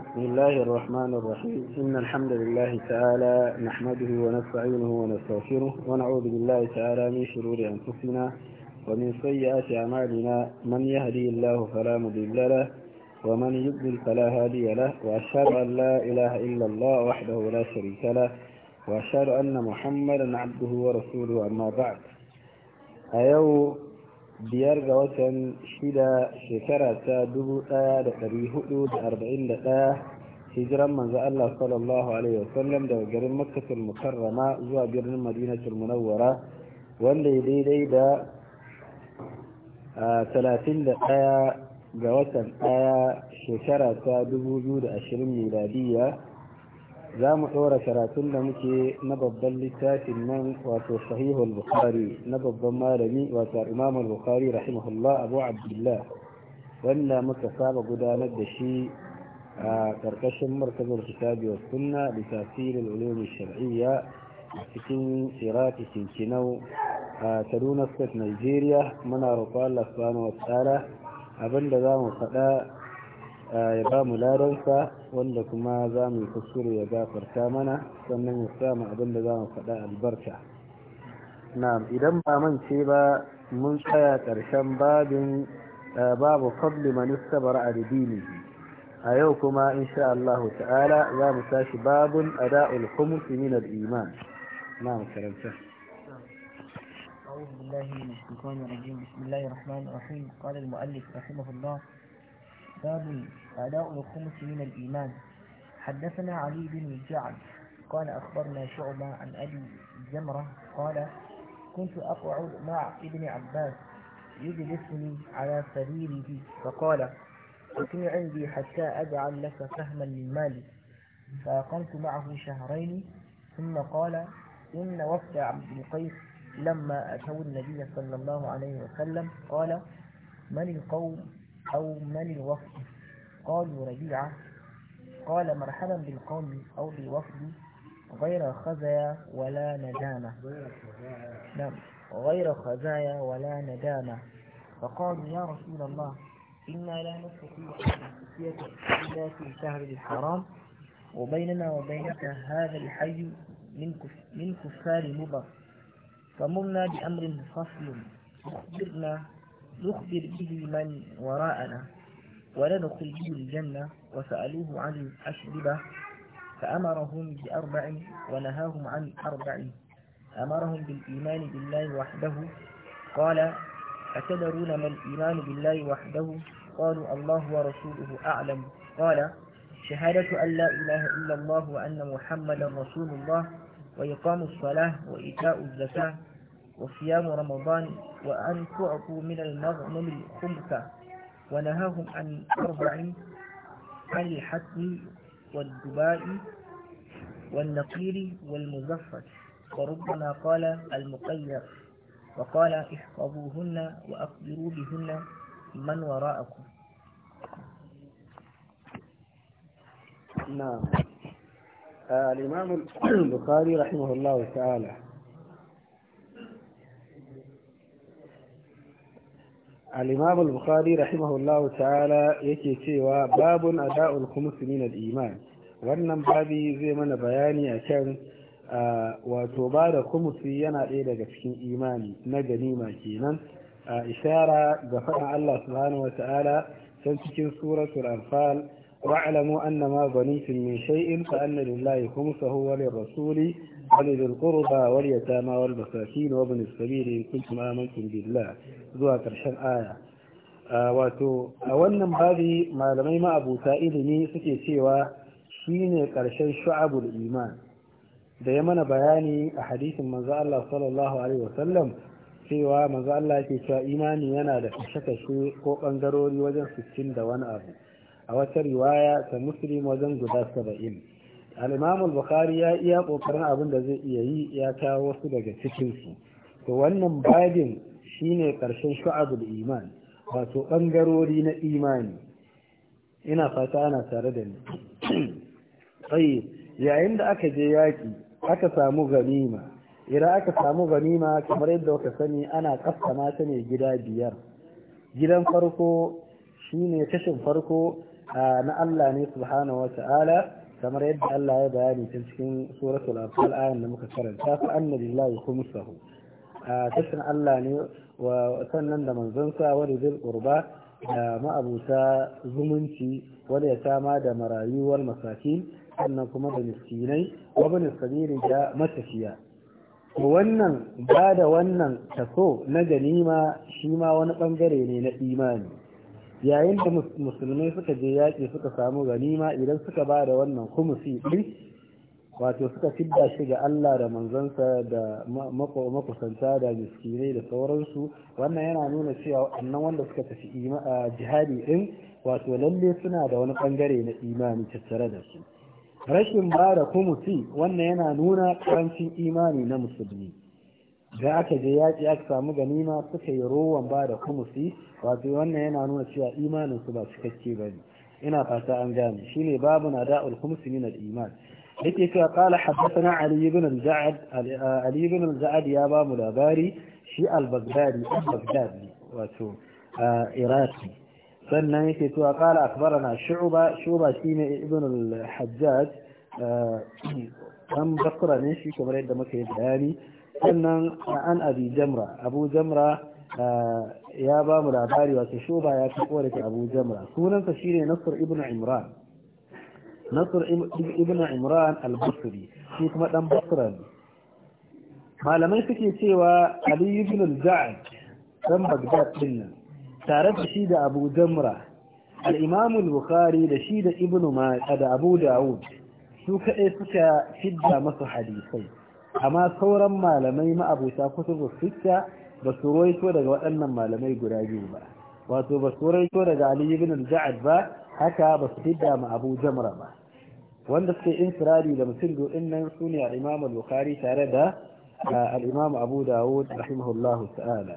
بسم الله الرحمن الرحيم إن الحمد لله تعالى نحمده ونستعينه ونستغفره ونعوذ بالله تعالى من شرور أنفسنا ومن سيئات أعمالنا من يهدي الله فلا مضل له ومن يضلل فلا هادي له وأشهد أن لا إله إلا الله وحده لا شريك له وأشهد أن محمدا عبده ورسوله أما بعد أيوه biyar ga watan shida shekara ta dubu daya da dari hudu da arba'in da ɗaya hijiran manzo Allah sallallahu alaihi wasallam daga garin makkatul mukarrama zuwa birnin madinatul munawwara wanda ya daidai da talatin da daya ga watan ɗaya shekara ta dubu biyu da ashirin miladiyya za mu ɗora karatun da muke na babban littafin nan wato sahihul bukhari na babban malami wato imam bukhari rahimahullah abu abdullah wanda muka saba gudanar da shi a ƙarƙashin markazin kitabi wa sunna da tasirin ulumin shar'iyya cikin iraki kinkinau a kaduna state nigeria muna roƙon allah subhanahu wa ta'ala abinda za mu faɗa ya ba mu ladansa wanda kuma za mu yi kuskure ya gafarta mana sannan ya samu abin da za mu faɗa albarka na'am idan ba mance ba mun tsaya ƙarshen babin eh, babu fadli manista istabara a a yau kuma insha Allah ta'ala za mu tashi babun ada'ul khums min al-iman na karanta أعوذ بالله من الشيطان الرجيم بسم الله الرحمن الرحيم قال المؤلف رحمه الله باب أداء الخمس من الإيمان حدثنا علي بن الجعد قال أخبرنا شعبة عن أبي جمرة قال كنت أقعد مع ابن عباس يجلسني على سريره فقال اقم عندي حتى أجعل لك فهما للمال فأقمت معه شهرين ثم قال إن وفد عبد القيس لما أتوا النبي صلى الله عليه وسلم قال من القوم أو من الوفد قالوا ربيعة قال مرحبا بالقوم أو بالوفد غير خزايا ولا ندامة نعم غير خزايا ولا ندامة فقالوا يا رسول الله إنا لا نستطيع أن إلا في الشهر الحرام وبيننا وبينك هذا الحي من من كفار مضر فمرنا بأمر فصل أخبرنا نخبر به من وراءنا به الجنة وسألوه عن الأشربة فأمرهم بأربع ونهاهم عن أربع أمرهم بالإيمان بالله وحده قال أتدرون ما الإيمان بالله وحده قالوا الله ورسوله أعلم قال شهادة أن لا إله إلا الله وأن محمدا رسول الله وإقام الصلاة وإيتاء الزكاة وصيام رمضان وأن تعطوا من المغنم الخمسة ونهاهم عن أربع عن الحتم والدباء والنقير والمزفت وربما قال المقير وقال احفظوهن وأقدروا بهن من وراءكم نعم آه، الإمام البخاري رحمه الله تعالى al-imam al-bukhari rahimahullahu ta'ala yake cewa babun ada'ul khums min iman wannan babi zai mana bayani akan wato ba da kumusi yana ɗaya daga cikin imani na ganima kenan a ishara ga faɗin Allah subhanahu ta'ala can cikin suratul anfal wa'lamu annama ghanimtum min shay'in fa anna lillahi khumsahu wa lirrasuli ولذي القربى واليتامى والمساكين وابن السبيل إن كنتم آمنتم بالله zuwa ƙarshen aya wato a wannan babi malamai ma'abuta ilimi suke cewa shine ƙarshen shu'abul iman da ya mana bayani a hadisin manzo Allah cewa manzo Allah yake cewa imani yana da kashe ko bangarori wajen 60 da wani abu a wata riwaya ta muslim wajen guda saba'in. al-imam bukhari ya iya kokarin abin da zai iya yi ya kawo wasu daga cikin su to wannan babin shine karshen shu'abul iman wato bangarori na imani ina fata ana tare da ni sai yayin da aka je yaƙi aka samu ganima idan aka samu ganima kamar yadda kuka sani ana kasama ta ne gida biyar gidan farko shine kashin farko ah, na Allah ne subhanahu wata'ala kamar yadda Allah ya bayani ta cikin suratul anfal ayan da muka karanta fa anna lillahi khumsahu a tashin Allah ne wa sannan da sa wa rizil qurba da ma'abuta zumunci wani ya sama da marayu wal masakin sannan kuma da miskinai wa bin sabili da matafiya wannan ba da wannan taso na ganima shi ma wani bangare ne na imani yayin da musulmai suka je yaƙi suka samu ganima idan suka ba da wannan kumusi ɗin wato suka fidda shi ga Allah da manzansa da makusanta da miskinai da sauransu wannan yana nuna cewa annan wanda suka tafi jihadi ɗin wato lalle suna da wani ɓangare na imani tattare da su rashin ba da kumusi wannan yana nuna ƙarancin imani na musulmi da aka je yaƙi aka samu ganima suka yi rowan ba da kumusi wato wannan yana nuna cewa imanin su ba cikakke ba ne ina fata an gane shine babu na da kumusi min iman yake cewa qala haddathana ali ibn al za'ad uh, ali ibn al za'ad ya ba mu labari shi al baghdadi al baghdadi wato uh, iraki sannan yake cewa qala akbarana shu'ba shu'ba shine ibn al hajjaj dan uh, bakra ne shi kamar yadda muka yi bayani sannan an abi jamra abu jamra eh, ya ba mu labari wato shuba ya kafa daga abu jamra sunansa shine nasr ibn imran nasr ibn imran al-basri shi kuma dan basra ne malamai suke cewa ali ibn al-ja'd dan bagdad din nan tare da shi da abu jamra al-imam al-bukhari da shi da ibn ma da abu daud su kaɗai suka fidda masa hadisai amma sauran malamai ma'abuta kutubu sitta ba su roito daga waɗannan malamai guda biyu ba wato ba su roito daga ali ibn al-ja'ad ba haka ba su fidda ma abu jamra ba wanda suke infiradi da mutum doɗin nan su ne al-imam tare da al abu dawud rahimahullahu ta'ala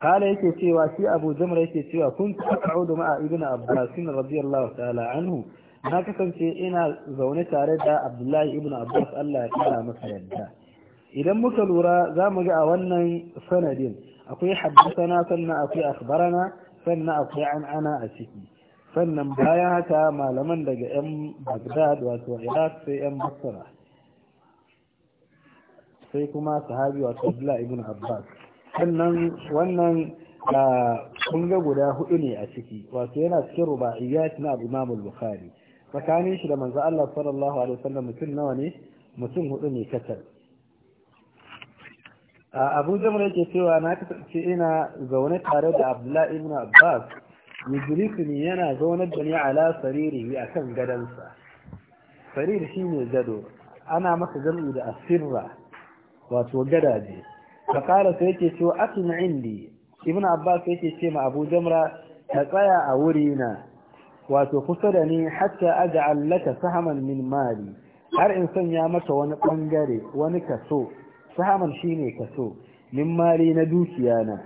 kala yake cewa shi abu jamra yake cewa kun ta'udu ma'a ibn abbas radiyallahu ta'ala anhu na kasance ina zaune tare da abdullahi ibn abbas Allah ya kara masa yadda idan muka lura za mu ga a wannan sanadin akwai haddasana sannan akwai akhbarana sannan akwai an ana a ciki sannan bayan haka malaman daga 'yan bagdad wato iraq sai 'yan basra sai kuma sahabi wato abdullah ibn abbas sannan wannan kun ga guda hudu ne a ciki wato yana cikin rubaiyat na abu imam bukhari tsakanin shi da manzo Allah sallallahu alaihi wasallam mutum nawa ne mutum hudu ne kacal abu jamar yake cewa na kasance ina zaune tare da abdullahi ibn abbas ne yana zaune da ni ala sariri a kan gadonsa. sarir shi ne gado ana masa jam'i da asirra wato gadaje ka kara sai yake cewa atin indi ibn abbas yake ce ma abu jamra ka tsaya a wuri na wato kusa da ni hatta aj'al laka sahaman min mali har in sanya maka wani bangare wani kaso sahaman ne kaso min mali na dukiya na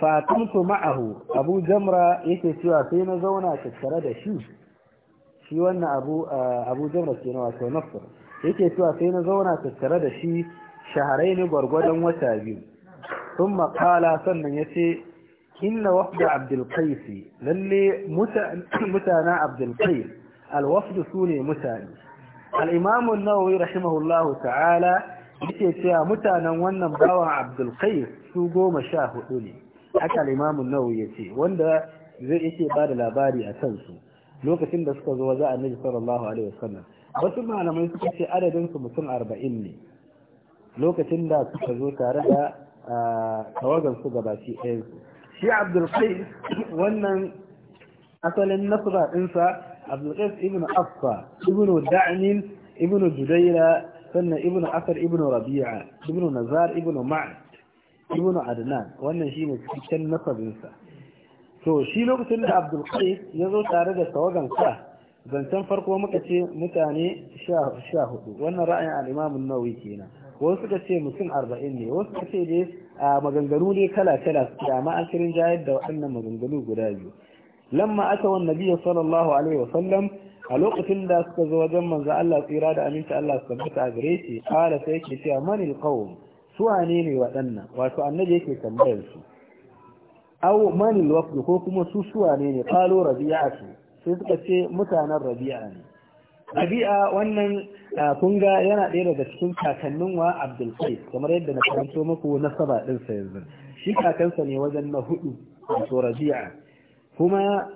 fatimtu ma'ahu abu jamra yake cewa sai na zauna tattare da shi shi wannan abu abu jamra ke na wato nafsar yake cewa sai na zauna tattare da shi shaharai ne gwargwadon wata biyu sun makala sannan ya ce inna wafda abdulkaisi lalle mutana abdulkais alwafdu su ne mutane al'imamun nawawi rahimahullahu ta'ala yake cewa mutanen wannan bawan abdulkai su goma sha hudu ne haka limamin nau ya wanda zai yake ba da labari a su. lokacin da suka zo za a nabi sallallahu alaihi wasallam wasu malamai suka ce adadin su mutum arba'in ne lokacin da suka zo tare da tawagan su gabaki ɗayan su shi abdulkai wannan asalin nasra ɗinsa abdulkai ibn affa ibn da'nin ibn judaira sannan ibn asar ibn rabi'a ibn nazar ibn ma'ad ibn adnan wannan shine cikakken nasabinsa to shi lokacin da abdul qais ya zo tare da tawagan sa zancen farko muka ce mutane sha hudu wannan ra'ayin al-imam an-nawawi kenan wasu suka ce mutum arba'in ne wasu suka ce dai a maganganu ne kala kala suke amma an kirin jayar da waɗannan maganganu guda biyu lamma aka wan nabiyyu sallallahu alaihi wa sallam a lokacin da suka zo wajen manzo Allah tsira da aminci Allah su tabbata a gare shi kala sai yake cewa manil qawm su wane ne waɗannan wato annabi yake tambayar su aw manil wafd ko kuma su su wane ne rabi'a su sai suka ce mutanen rabi'a ne rabi'a wannan kun ga yana ɗaya daga cikin kakannin wa Abdul kamar yadda na karanto muku na saba ɗinsa yanzu shi kakansa ne wajen na hudu wato rabi'a kuma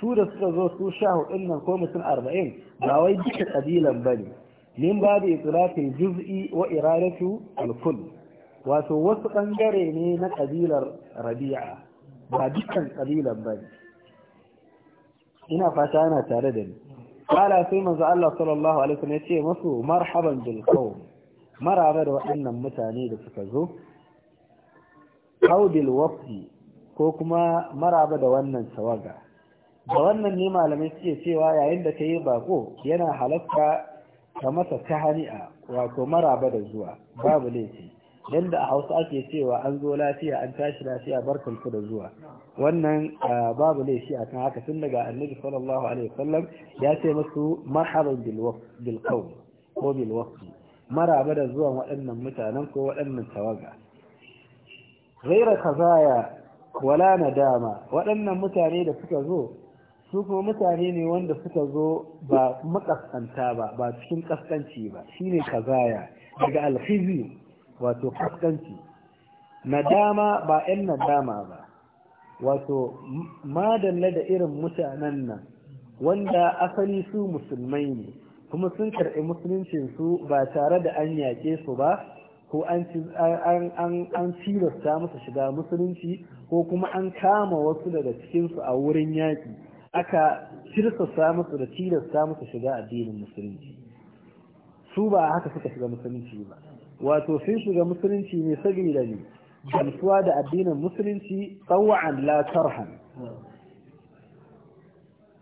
su da suka zo su sha hudun nan ko mutum arba'in ba wai duka kabilan ba ne min ba da itilafin juz'i wa iradatu alkul wato wasu bangare ne na kabilar rabi'a ba dukkan kabilan ba ne ina fata yana tare da ni kala sai manzo Allah sallallahu alaihi wasallam ya ce masu marhaban bil qawm da waɗannan mutane da suka zo qaudil wafdi ko kuma maraba da wannan tawaga da wannan ne malamai suke cewa yayin da ka yi bako yana halatta ka masa ta hani'a wato maraba da zuwa babu laifi yadda a hausa ake cewa an zo lafiya an tashi lafiya barkan ku da zuwa wannan babu laifi a kan haka tun daga annabi sallallahu alaihi wasallam ya ce masu marhaban bil qawm ko bil waqti maraba da zuwan waɗannan mutanen ko waɗannan tawaga ghaira kazaya wala nadama waɗannan mutane da suka zo su kuma mutane ne wanda suka zo ba makaskanta ba ba cikin kaskanci ba shine kazaya daga alhizi wato kaskanci nadama ba 'yan nadama ba wato madalla da irin mutanen nan wanda asali su musulmai ne kuma sun karɓi musuluncinsu ba tare da an yaƙe su ba ko an tilasta musu shiga musulunci ko kuma an kama wasu daga cikinsu a wurin yaƙi aka tirsasa musu da tilasta musu shiga addinin musulunci su ba haka suka shiga musulunci ba wato sun shiga musulunci ne saboda ne gamsuwa da addinin musulunci tsawon la tarhan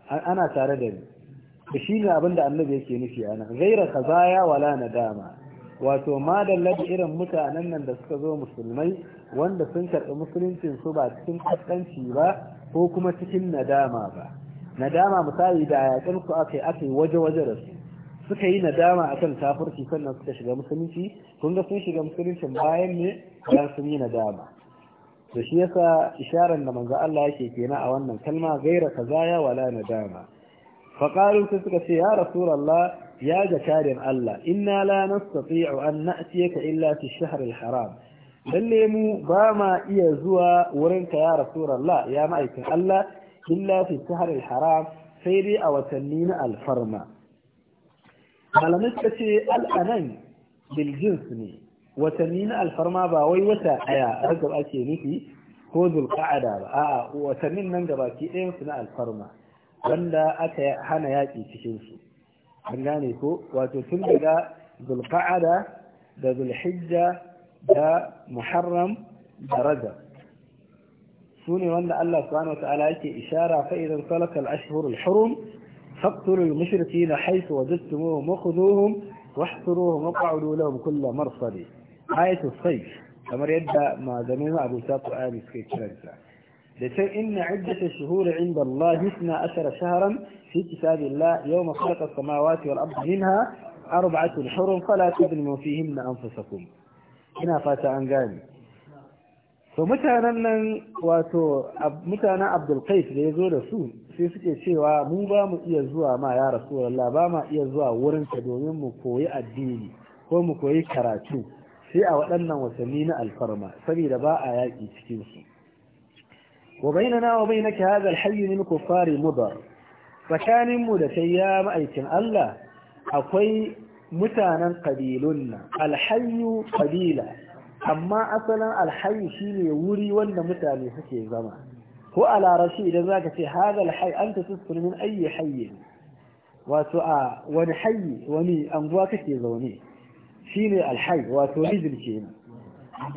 ana tare da ni shi ne abin annabi yake nufi ana gaira kazaya wala nadama wato madalla irin mutanen nan da suka zo musulmai wanda sun karɓi musuluncin su ba cikin kaskanci ba ko kuma cikin nadama ba nadama misali da yakin su aka yi aka yi waje-waje da su suka yi nadama akan kafirci sannan suka shiga musulunci kun ga sun shiga musuluncin bayan ne bayan sun yi nadama da shi yasa isharar da manzo Allah yake kenan a wannan kalma gaira kaza ya wala nadama faqalu suka ce ya rasulullah ya ga karin Allah inna la nastati'u an na'tiyaka illa fi shahr al-haram lalle mu ba ma iya zuwa wurin ka ya rasulullah ya ma'aikin Allah illa fi shahr al-haram sai dai a watanni na alfarma malamai suka ce al'anan bil ne watanni na alfarma ba wai wata aya ragab ake nufi ko zulqa'ada ba a'a watannin nan gabaki ɗayan su na alfarma wanda aka hana yaƙi cikin su an gane ko wato tun daga zulqa'ada da zulhijja da muharram da rajab su ne wanda Allah subhanahu wa ta'ala yake ishara fa idan salaka al-ashhur al-hurum faqtulu al-mushrikeena haythu wajadtumuhum wakhudhuhum واحصروهم وقعدوا لهم كل مرصد آية الصيف kamar yadda mazamin abuta ƙwa'ani suke kiranta da can inna iddata shuhuri inda Allah yusna ashara shahran fi kitabillah yawma khalaqa as-samawati wal ardi minha arba'atun hurum fala tudlimu an anfusakum ina fata an gane to mutanen nan wato mutanen Abdul Qais da zo da su sai suke cewa mu ba mu iya zuwa ma ya Rasulullah ba ma iya zuwa wurin domin mu koyi addini ko mu koyi karatu sai a waɗannan wasanni na alfarma saboda ba a yaƙi cikin su وبيننا وبينك هذا الحي من كفار مضر فكان مدتيا مأيكن الله أقوي متانا قبيلنا الحي قبيلة أما أصلا الحي شيني وري وانا متاني سكي زمان هو على رشيد ذاك في هذا الحي أنت تسكن من أي حي وتؤى ونحي وني أنبواك في زوني شيني الحي وتوليد الكينا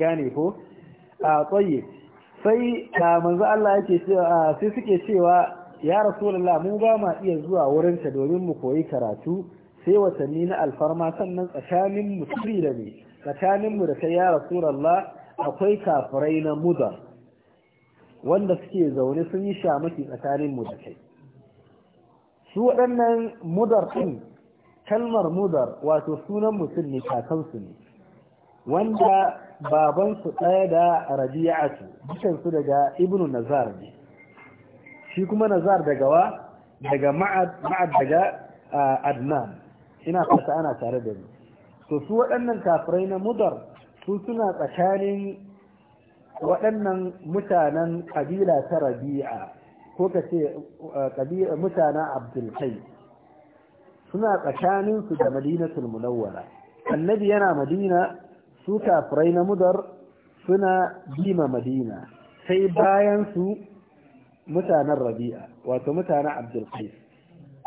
قاني هو آه طيب sai manzo Allah yake cewa sai suke cewa ya rasulullah mun ba ma iya zuwa wurin ta domin mu koyi karatu sai watanni na alfarma sannan tsakanin mu tsiri da ni tsakanin mu da kai ya rasulullah akwai kafirai na muda wanda suke zaune sun yi shamaki tsakanin mu da kai su waɗannan mudar din, kalmar mudar wato sunan mutum ne kakansu ne wanda babansu ɗaya da rabi'atu dukansu daga ibnu nazar ne shi kuma nazar daga wa daga ma'ad daga adnan ina fata ana tare da ni to su waɗannan kafirai na mudar su suna tsakanin waɗannan mutanen ƙabila ta rabi'a ko ka ce mutanen abdulkai suna tsakaninsu da madinatul munawwara annabi yana madina su kafirai na mudar suna bima madina sai bayan su mutanen rabi'a wato mutanen qais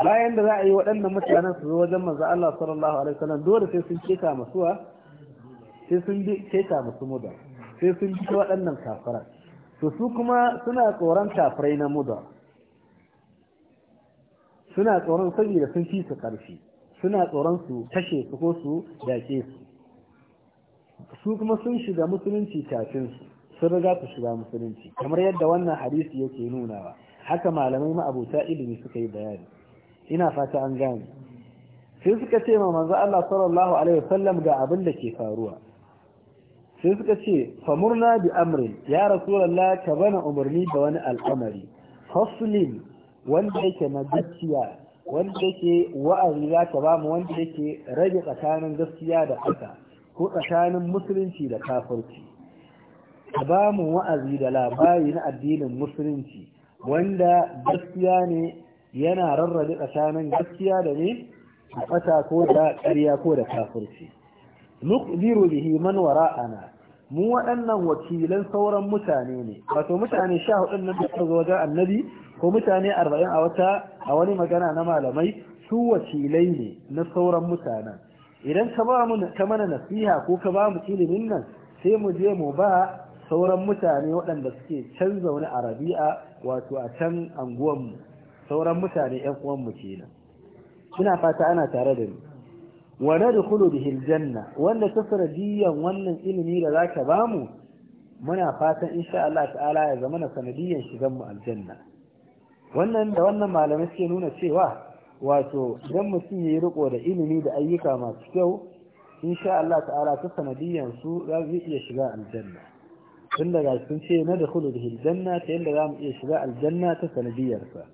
bayan da za a yi waɗannan mutanen su zo wajen manzo Allah sallallahu alaihi wasallam dole sai sun keta masuwa sai sun bi musu mudar sai sun bi waɗannan kafirai to su kuma suna tsoron kafirai na mudar suna tsoron saboda sun fi su ƙarfi suna tsoron su kashe su ko su dake su su kuma sun shiga musulunci kafin sun riga su shiga musulunci kamar yadda wannan hadisi yake nunawa haka malamai ma'abuta ilimi suka yi bayani ina fata an gane sai suka ce ma manzo Allah sallallahu alaihi wasallam ga abin da ke faruwa sai suka ce famurna bi amrin ya rasulullah ka bana umarni da wani al'amari Hoflin, wanda yake na gaskiya wanda yake wa'azi za ka ba mu wanda yake rage tsakanin gaskiya da ƙasa ko tsakanin musulunci da kafirci ka ba mu wa'azi da labari na addinin musulunci wanda gaskiya ne yana rarrabe tsakanin gaskiya da ne a ƙasa ko da ƙarya ko da kafirci nukbiru bihi man wara'ana mu waɗannan wakilan sauran mutane ne wato mutane sha hudun nan da wajen annabi ko mutane arba'in a wata a wani magana na malamai su wakilai ne na sauran mutanen idan ka ba mu ka mana nasiha ko ka ba mu ilimin nan sai mu je mu ba sauran mutane waɗanda suke canza zaune a rabi'a wato a can anguwanmu sauran mutane ƴan uwanmu kenan ina fata ana tare da ni wa nadkhulu bihil janna wanda diyan wannan ilimi da zaka ba mu muna fatan insha Allah ta'ala ya zama na sanadiyan shigan mu aljanna wannan da wannan malamai suke nuna cewa wato idan mutum ya yi riko da ilimi da ayyuka masu kyau insha Allah ta'ala ta sanadiyyar su za su iya shiga aljanna tun daga sun ce na da khulud hiljanna ta yadda za mu iya shiga aljanna ta sanadiyyar sa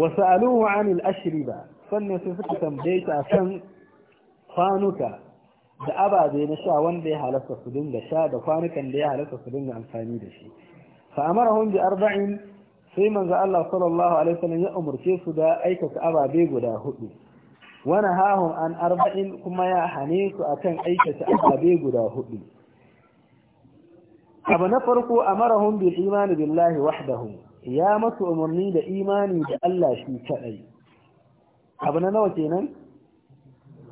wasu sa'aluhu anil ba, sannan sai suka tambaye ta akan kwanuka da ababe na sha wanda ya halasta su dinga sha da kwanukan da ya halasta su dinga amfani da shi fa amarahum bi arba'in sai manzo Allah sallallahu alaihi wasallam ya umurce su da aikata ababe guda hudu wani hahun an arba'in kuma ya hane su akan aikata ababe guda hudu abu na farko amarahum bil imani billahi wahdahu ya masu umarni da imani da Allah shi kadai abu na nawa kenan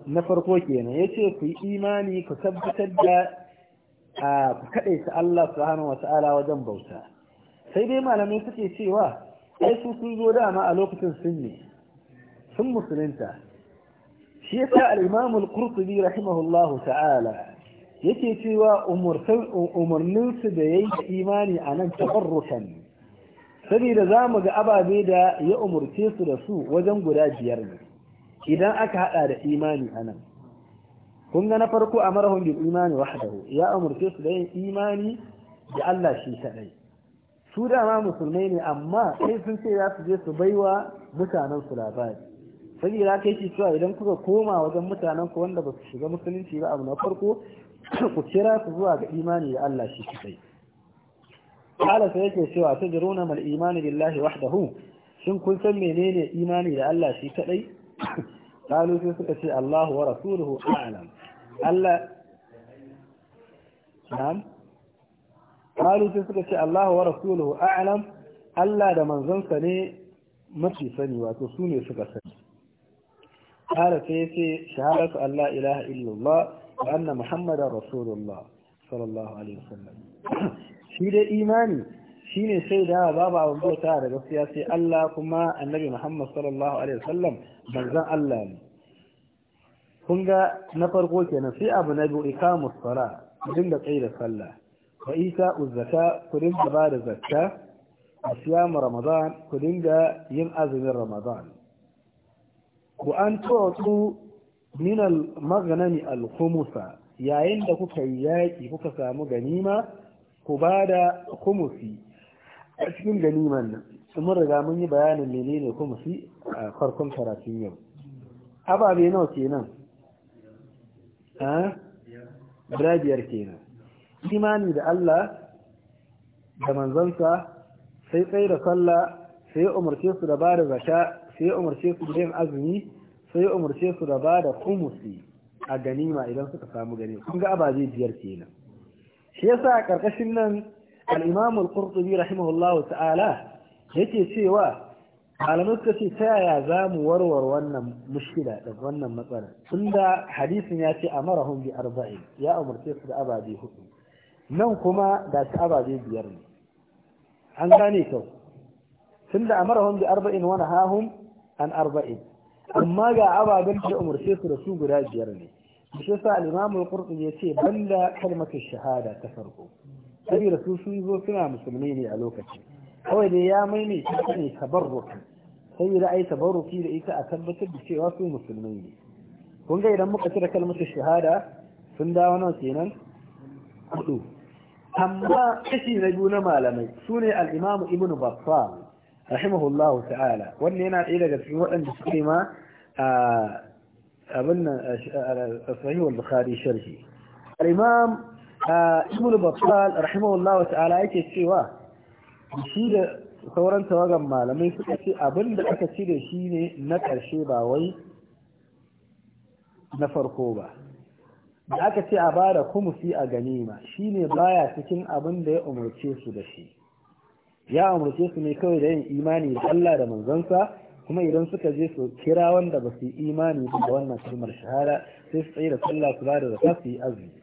na farko kenan yace ku yi imani ku tabbatar da ku kadai Allah subhanahu wata'ala wajen bauta sai dai malamai suke cewa ai su sun zo dama a lokacin sun ne sun musulunta shi yasa sa imam al-Qurtubi rahimahullahu ta'ala yake cewa umarnin su da yi imani a nan tabarrukan saboda za mu ga ababe da ya umarce su da su wajen guda biyar ne idan aka hada da imani a nan kun ga na farko a marahun bil imani wahdahu ya umarce su da yin imani da Allah shi kadai su dama musulmai ne amma sai sun ce za su je su baiwa mutanen su labari saboda kai ce cewa idan kuka koma wajen mutanen ku wanda ba su shiga musulunci ba abu na farko ku kira su zuwa ga imani da Allah shi kai mal imani سوى تدرون shin الإيمان menene imani da كن سمينين إيماني لألا شي كأي قالوا سيكي الله ورسوله أعلم ألا نعم kwanu sai suka ce Allah wa rasuluhu a'lam Allah da manzansa ne mafi sani wato su ne suka sani kwanu sai sai shahararsu Allah ilaha illallah wa anna muhammadar shi dai imani shi ne sai da yawa babu abin bauta da gaskiya sai Allah kuma annabi muhammad sallallahu alaihi wasallam manzan Allah ne Kunga na farko kenan sai abu na biyu ikamu sara jin da da sallah Ka isa uzzaka ku dinga ba da zakka a siyamu ramadan ku dinga yin azumin ramadan ku an tuwatsu min al-maghnami al kumusa yayin da kuka yi yaƙi kuka samu ganima ku ba da kumusi a cikin ganiman nan mun riga mun yi bayanin menene kumusi a farkon karatun yau ababe nawa kenan guda biyar kenan imani da Allah da manzansa sai tsaye da sallah sai umarce su da ba da zaka sai umarce su da yin azumi sai umarce su da ba da kumusi a ganima idan suka samu gani kun ga ababe biyar kenan shi yasa a karkashin nan al-Imam al-Qurtubi rahimahullahu ta'ala yake cewa malamai suka ce ta yaya za mu warware wannan mushkila da wannan matsala tunda hadisin ya ce mara bi arba'in ya umarce su da ababe hudu nan kuma da shi ababe biyar ne an gane kyau tun da amarahun bi arba'in wani hahun an arba'in amma ga ababen da umarce su da su guda biyar ne shi sa al ya al-qurtubi ce banda kalmatar shahada ta farko saboda su sun zo suna musulmi ne a lokacin kawai dai ya maimaita ta ne tabarruki da ai tabarruki da ita a tabbatar da cewa su musulmai ne kun ga idan muka cire kalmatar shahada sun dawo nan kenan hudu amma kashi na biyu na malamai su ne al'imamu ibn baffar rahimahullahu ta'ala wanda yana ɗaya daga cikin waɗanda suke ma abin nan sahih al-bukhari sharhi al ibn baffar rahimahullahu ta'ala yake cewa shi da sauran tawagan malamai suka ce abin da aka ci da shi ne na ƙarshe ba wai na farko ba da aka ce a bada fi a ganima shine baya cikin abin da ya umarce su da shi ya umarce su ne kawai da yin imani da Allah da manzansa kuma idan suka je su kira wanda ba su yi imani da wannan kalmar shahara, sai su tsaye da sallah su bada zakat su yi azumi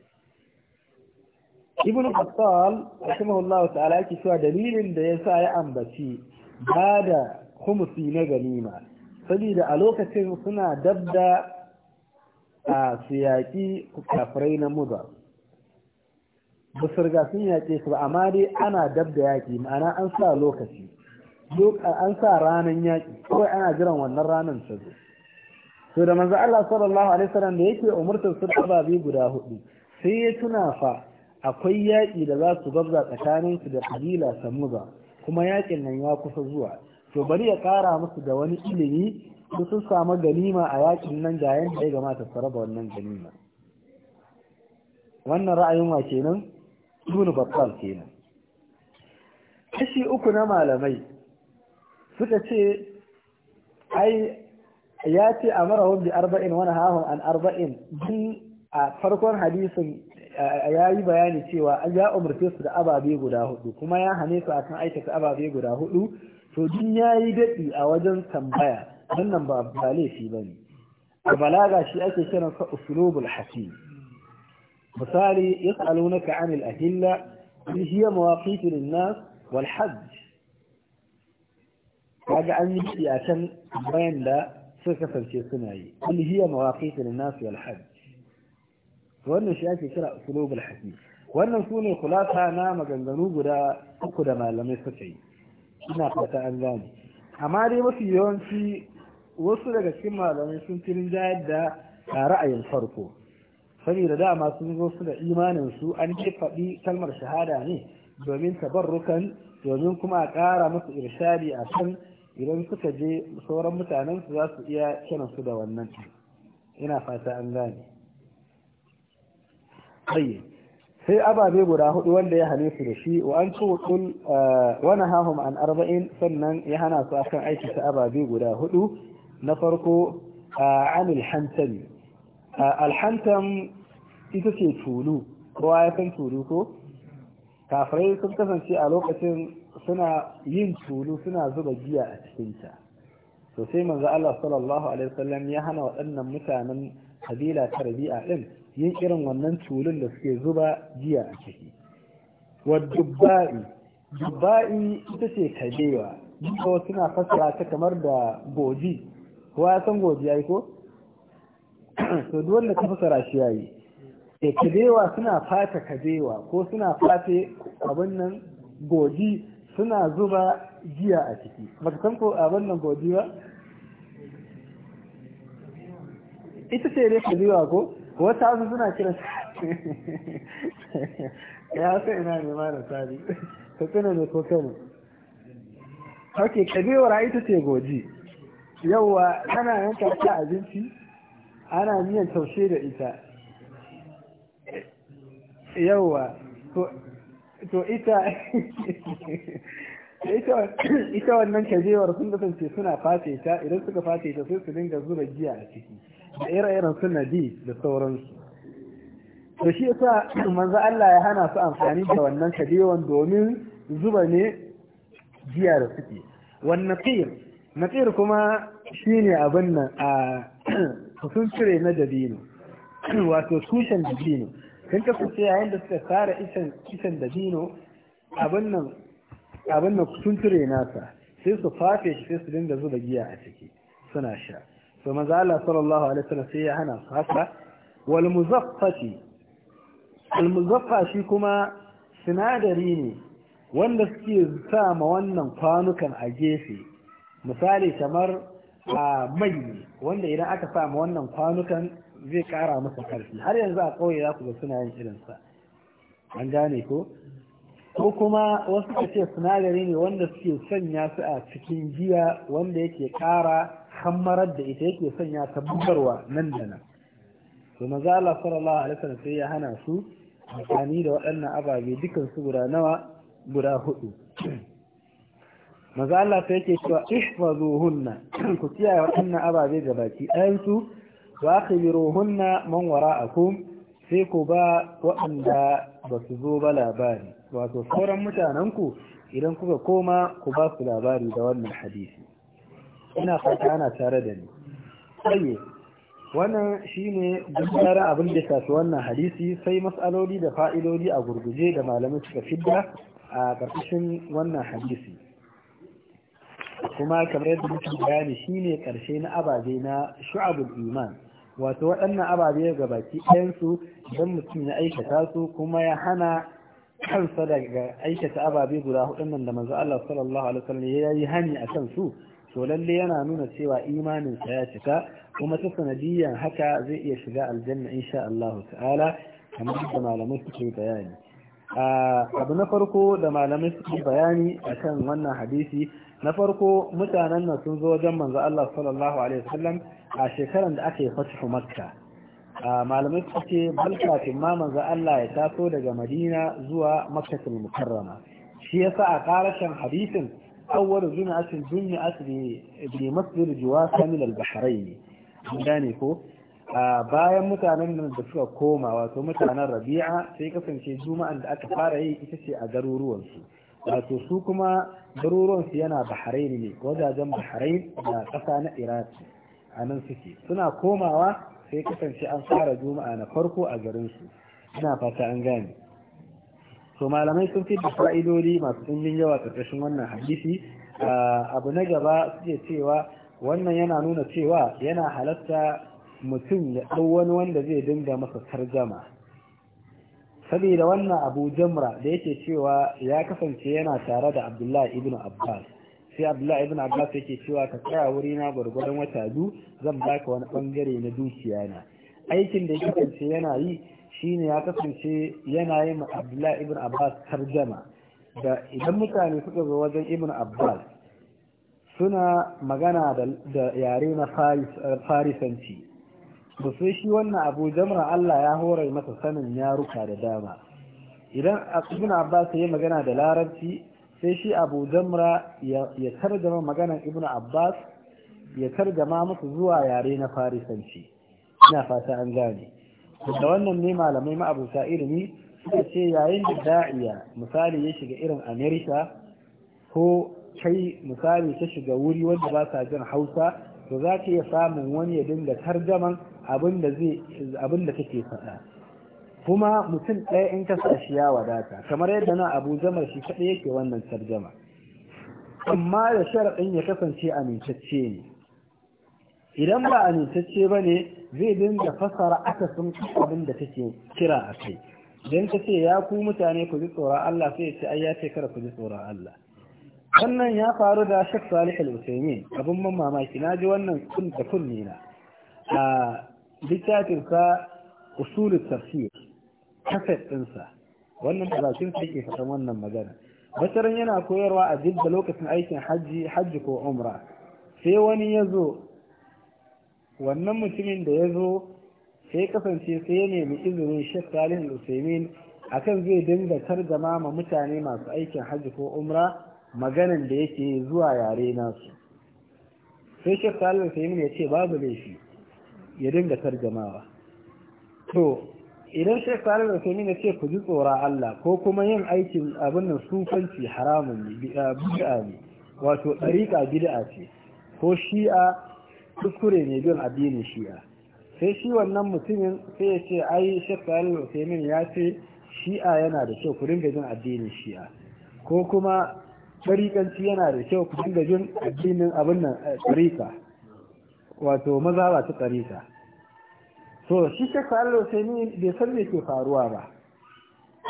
ibn Abbas rahimahullah ta'ala yake cewa dalilin da yasa ya ambaci bada kumusi na ganima sabida a lokacin suna dabda a su yaƙi kafirai na muza ba su sun yaƙe su ba amma dai ana dab da yaƙi ma'ana an sa lokaci an sa ranar yaƙi kawai ana jiran wannan ranar ta zo to da manzo Allah sallallahu alaihi wasallam da yake umurtar su ababe guda hudu sai ya tuna fa akwai yaƙi da za su gabza tsakanin su da kabila samuza kuma yaƙin nan ya kusa zuwa to bari ya ƙara musu da wani ilimi su sun samu ganima a yakin nan ga da ya gamata su raba wannan ganima wannan ra'ayin wa kenan ibn babban kenan kashi uku na malamai suka ce ai ya ce a marahun bi arba'in wani hahun an arba'in din a farkon hadisin eh, ya yi bayani cewa an ya umarce su da ababe guda hudu kuma ya hane su akan aikata ababe guda hudu to din ya yi daɗi a wajen tambaya wannan ba ba laifi ba ne a balaga shi ake kiran sa uslubul hakim misali yas'alunaka anil ahilla in hiya mawaqitu lin-nas wal hajj kaga an yi can bayan da suka kasance suna yi in hiya mawaqitu lin-nas wal hajj wannan shi ake kira uslubul hakim wannan sune kulasa na maganganu guda uku da malamai suka yi ina fata an gane amma dai mafi yawanci wasu daga cikin malamai sun fi rinjayar da ra'ayin farko saboda dama sun zo su da imanin su an ce faɗi kalmar shahada ne domin tabarrukan domin kuma a ƙara musu irshadi a kan idan suka je sauran mutanen su za su iya kiran su da wannan ina fata an gane sai ababe guda hudu wanda ya hane su da shi wa an tuqul eh, wa nahahum an arba'in sannan ya hana su akan aiki ta ababe guda hudu na farko an alhantam Alhantar ita ce tulu kowa ya san tulu ko kafirai sun kasance a lokacin suna yin tulu suna zuba giya a cikinta to sai Allah sallallahu alaihi wasallam ya hana waɗannan mutanen kabila ta rabi'a din yin irin wannan tulun da suke zuba giya a ciki wa dubba'i dubba'i ita ce kabewa duka suna fasara ta kamar da boji kowa ya san ya yi ko to duk wanda kafa fasara shi yayi e eh, suna fata kadewa ko suna fata abin nan godi suna zuba giya a ciki baka san ko abin nan godi ba ita ce dai kadewa ko wata su suna kiran ya sai ina ne da sari ka tsina ne ko kano ok kabewar ita ce goji yauwa tana yanka ta abinci ana miyan taushe da ita yauwa to ita ita wannan kajewar sun kasance suna fata ta idan suka fata ta sai su dinga zuba giya a ciki da ire-iren suna bi da sauransu to shi yasa manzo Allah ya hana su amfani da wannan kajewar domin zuba ne giya da suke wannan qir Matsir kuma shi ne abin nan a sun cire na dabino wato tushen dabino sun ce yayin da suka tsara isan dabino abin nan sun cire nasa sai su fafe shi sai su dinga zuba giya a ciki suna sha so maza Allah sallallahu alaihi wasallam sai ya hana su haka wal muzaffati al muzaffa shi kuma sinadari ne wanda suke sa ma wannan kwanukan a gefe misali kamar a mai wanda idan aka sa ma wannan kwanukan zai kara masa karfi har yanzu a kauye za ku ga suna yin irinsa an gane ko ko kuma wasu ka ce sinadari ne wanda suke sanya su a cikin giya wanda yake kara hammarar da ita yake sanya ta bugarwa nan da nan to maza Allah sallallahu alaihi wasallam sai ya hana su amfani da waɗannan ababe dukan su guda nawa guda hudu maza Allah ta yake cewa ihfazuhunna ku kiyaye waɗannan ababe da baki ɗayan su wa hunna man wara'akum sai ku ba waɗanda ba su zo ba labari wato sauran mutanen ku idan kuka koma ku ba su labari da wannan hadisi ina fata ana tare da ni sai wannan shine dukkan abin da shafi wannan hadisi sai mas'aloli da fa'idodi a gurguje da malamai suka fidda a ƙarƙashin wannan hadisi kuma kamar yadda muke bayani shine karshe na ababe na shu'abul iman wato waɗannan ababe ga baki ɗayansu idan mutum ya aikata su kuma ya hana kansa daga aikata ababe guda hudun da manzo Allah sallallahu alaihi wasallam ya yi hani a kan su to lalle yana nuna cewa imanin sa ya cika kuma ta sanadiyan haka zai iya shiga aljanna insha Allah ta'ala kamar da malamai suke bayani ah, abu na farko da malamai suke bayani akan wannan hadisi na farko mutanen nan sun zo wajen manzo Allah sallallahu alaihi wasallam a shekaran da aka yi fatihu makka malamai suke ce bal kafin ma manzo Allah ya taso daga madina zuwa makkatul mukarrama shi yasa a karashin hadisin awwal jum'atin jum'at bi masjid juwasa min al-bahrayn gane ko bayan mutanen nan da suka koma wato mutanen rabi'a sai kasance juma'an da aka fara yi ita ce a garuruwansu wato su kuma garuruwan su yana bahrain ne wajajen bahrain da ƙasa na iraq a nan suke suna komawa sai kasance an fara juma'a na farko a garin su ina fata an gane to malamai sun fi da fa'idodi masu yi yawa ƙarƙashin wannan hadisi abu na gaba suke cewa wannan yana nuna cewa yana halatta mutum ya ɗau wani wanda zai dinga masa tarjama saboda wannan abu jamra da yake cewa ya kasance yana tare da abdullahi ibn abbas sai abdullahi ibn abbas yake cewa ka tsaya wuri na gwargwadon wata biyu zan baka wani bangare na dukiya na aikin da ya kasance yana yi shine ya kasance yana yi ma abdullahi ibn abbas tarjama da idan mutane suka zo wajen ibn abbas suna magana da yare na farisanci to sai shi wannan abu jamra Allah ya hore masa sanin yaruka da dama idan ibn abbas ya magana da larabci sai shi abu jamra ya tarjama maganar ibn abbas ya tarjama musu zuwa yare na farisanci ina fata an gane da wannan ne malamai ma'abuta ilimi suka ce yayin da da'iya misali ya shiga irin amerika ko kai misali ta shiga wuri wanda ba sa jin hausa to za ka iya samun wani ya dinga tarjaman abin da kake faɗa kuma mutum ɗaya in ka sa shi ya wadata kamar yadda na abu zamar shi kaɗa yake wannan tarjama amma da sharaɗin ya kasance amintacce ne idan ba amintacce ba ne zai dinga fasara sun abin da take kira a kai idan ka ce ya ku mutane ku ji tsoron Allah sai ya ce ai ya ce kada ku ji tsoron Allah wannan ya faru da shak Salih al abin mamaki na ji wannan kun da kunne na ah, littafin sa usulul tafsir kaset ɗinsa wannan zakin sa yake faɗan wannan magana bataran yana koyarwa a jidda lokacin aikin hajji hajji ko umra sai wani ya wannan mutumin da ya zo sai kasance sai ya nemi izinin shek salih usaimin akan zai dinga targama ma mutane masu aikin hajji ko umra maganan da yake zuwa yare nasu sai shek salih usaimin ya ce babu laifi ya dinga tarjamawa to idan sai fara da sai ne ce ku ji tsora Allah ko kuma yin aikin abin nan sufanci haramun ne ah, bid'a ne wato dariqa bid'a ce ko shi'a kuskure ne bin addinin shi'a sai shi wannan mutumin sai ya ce ai shekaru Usaimin ya ce shi'a yana da kyau ku dinga jin addinin shi'a ko kuma dariqanci yana da kyau ku dinga jin addinin abin nan dariqa eh, wato maza ba ta tariqa to shi ka kallo sai ni bai san me ke faruwa ba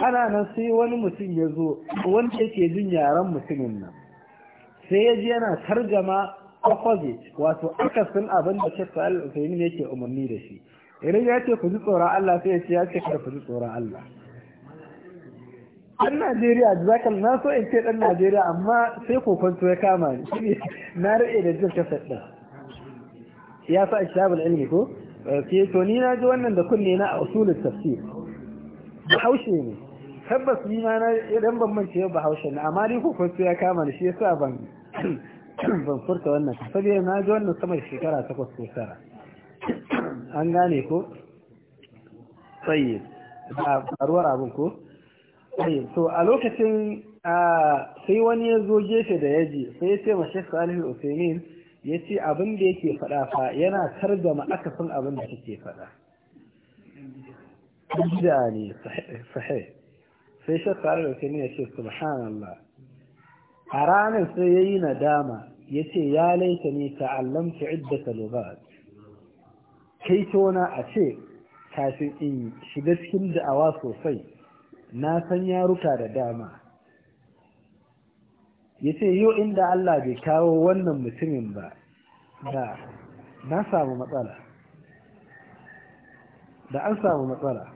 ana nan sai wani mutum ya zo wanda yake jin yaren mutumin nan sai ya ji yana targama opposite wato akasin abin da Sheikh al'usaini ne yake umarni da shi idan ya ce ku ji tsoron Allah sai ya ce ya ce ku ji tsoron Allah ɗan Najeriya da zaka na so in ce ɗan Najeriya amma sai kokonto ya kama ni na rade da jin kasar ɗin ya fa ashabul ilmi ko ke eh, to ni na ji wannan da kunne na a tafsir bahaushe ne tabbas ni ma na idan ban mance ba bahaushe ne amma ni ko kwasto ya kama ni shi yasa ban ban furta wannan saboda na ji wannan sama shekara takwas ko tara an gane ko sai ba faruwar abin ko sai to a lokacin ah, sai wani ya zo gefe da yaji sai ya ce ma shekara alihu usaimin ya ce abin da yake faɗa fa yana targama akasin abin da kake faɗa bid'a ne sahih sai shi tare da kai ne subhanallah a ranar sai yayi nadama ya ce ya laita ne ta'allamtu iddata lughat kai tona a ce kafin in shiga cikin da'awa sosai na san yaruka da dama ya ce yau inda Allah bai kawo wannan mutumin ba da na samu matsala da an samu matsala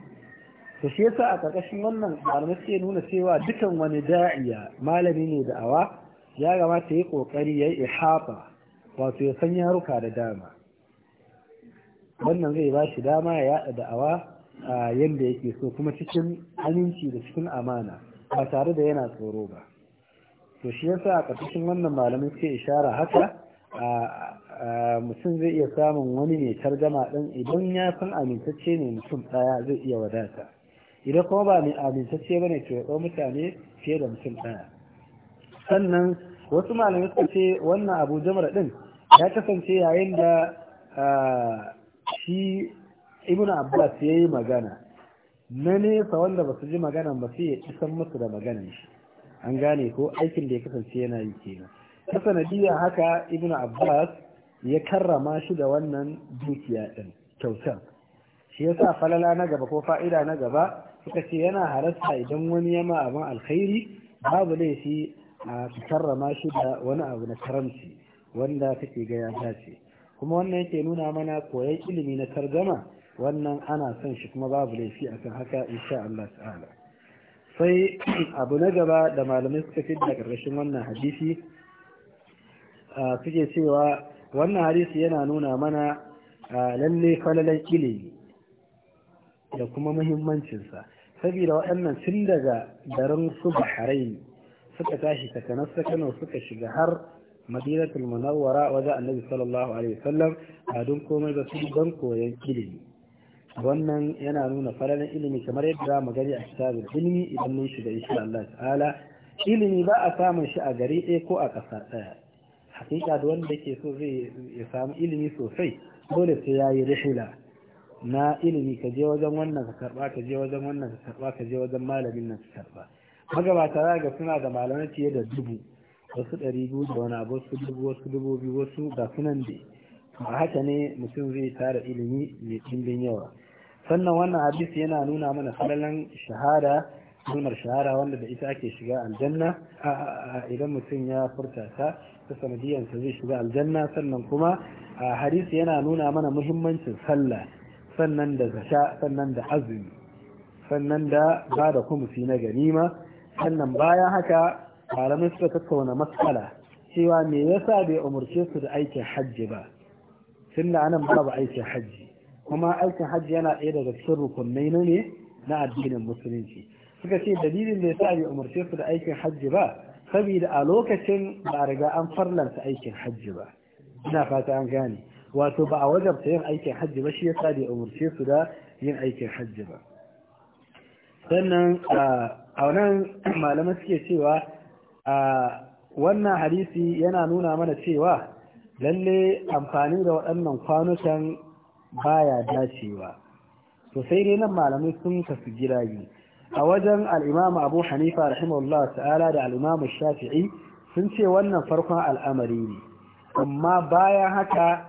ta shi yasa a ƙarƙashin wannan malamai suke nuna cewa dukan wani da'iya malami ne da awa ya gamata yi ƙoƙari ya yi ihafa wato ya san yaruka da dama wannan zai ba shi dama ya yaɗa da'awa a yadda yake so kuma cikin aminci da cikin amana ba tare da yana tsoro ba to shi yasa a ƙarƙashin wannan malamin suke ishara haka mutum zai iya samun wani mai targama ɗin idan ya san amintacce ne mutum ɗaya zai iya wadata idan kuma ba mai amintacce ba ne to ya mutane fiye da mutum ɗaya sannan wasu malamai suka ce wannan abu jamar ɗin ya kasance yayin da shi ibn abbas ya yi magana na nesa wanda ba su ji maganan ba sai ya isan musu da maganan shi an gane ko aikin da ya kasance yana yi kenan ta sanadiyar haka ibn abbas ya karrama shi da wannan dukiya din kyautar shi yasa falala na gaba ko fa'ida na gaba suka ce yana halarta idan wani ya ma abin alkhairi babu laifi a karrama shi da wani abu na karamci wanda kake ga ya dace kuma wannan yake nuna mana koyan ilimi na targama wannan ana son shi kuma babu laifi akan haka insha Allah ta'ala sai abu na gaba da malamai suka fi da ƙarƙashin wannan hadisi suke cewa wannan hadisi yana nuna mana lalle falalen ilimi da kuma muhimmancinsa saboda waɗannan tun daga garin su bahrain suka tashi takanar kano suka shiga har madinatul munawwara waje annabi sallallahu alaihi wasallam a don komai ba su don koyon ilimi wannan yana nuna falalin ilimi kamar yadda za mu gari a kitabul ilimi idan mun shiga insha Allah ta'ala ilimi ba a samun shi a gari ɗaya ko a ƙasa ɗaya hakika da wanda ke so zai ya samu ilimi sosai dole sai ya yi rihila na ilimi ka je wajen wannan ka karba ka je wajen wannan ka karba ka je wajen malamin nan ka karba magabata ga suna da malamai fiye da dubu wasu ɗari biyu da wani abu wasu dubu wasu dubu biyu wasu ga sunan da haka ne mutum zai tara ilimi mai ɗimbin yawa sannan wannan hadisi yana nuna mana falalan shahada kalmar shahada wanda da ita ake shiga aljanna idan mutum ya furta ta ta zai shiga aljanna sannan kuma hadisi yana nuna mana muhimmancin sallah sannan da zaka sannan da azumi sannan da ba da kumusi na ganima sannan bayan haka malamai suka tattauna matsala cewa me yasa bai umarce su da aikin hajji ba tunda anan babu aikin hajji kuma aikin hajji yana ɗaya daga cikin rukunai na ne na addinin musulunci suka ce dalilin da sa bai umarce su da aikin hajji ba saboda a lokacin ba a riga an farlanta aikin hajji ba ina fata an gane wato ba a wajabta yin aikin hajji ba shi ya sa bai umarce su da yin aikin hajji ba sannan a wannan malamai suke cewa a wannan hadisi yana nuna mana cewa lalle amfani da waɗannan kwanukan baya dacewa to sai dai nan malamai sun kasu jirage a wajen al'imamu abu hanifa rahimahullah ta'ala da al'imamu shafi'i sun ce wannan farkon al'amari ne amma bayan haka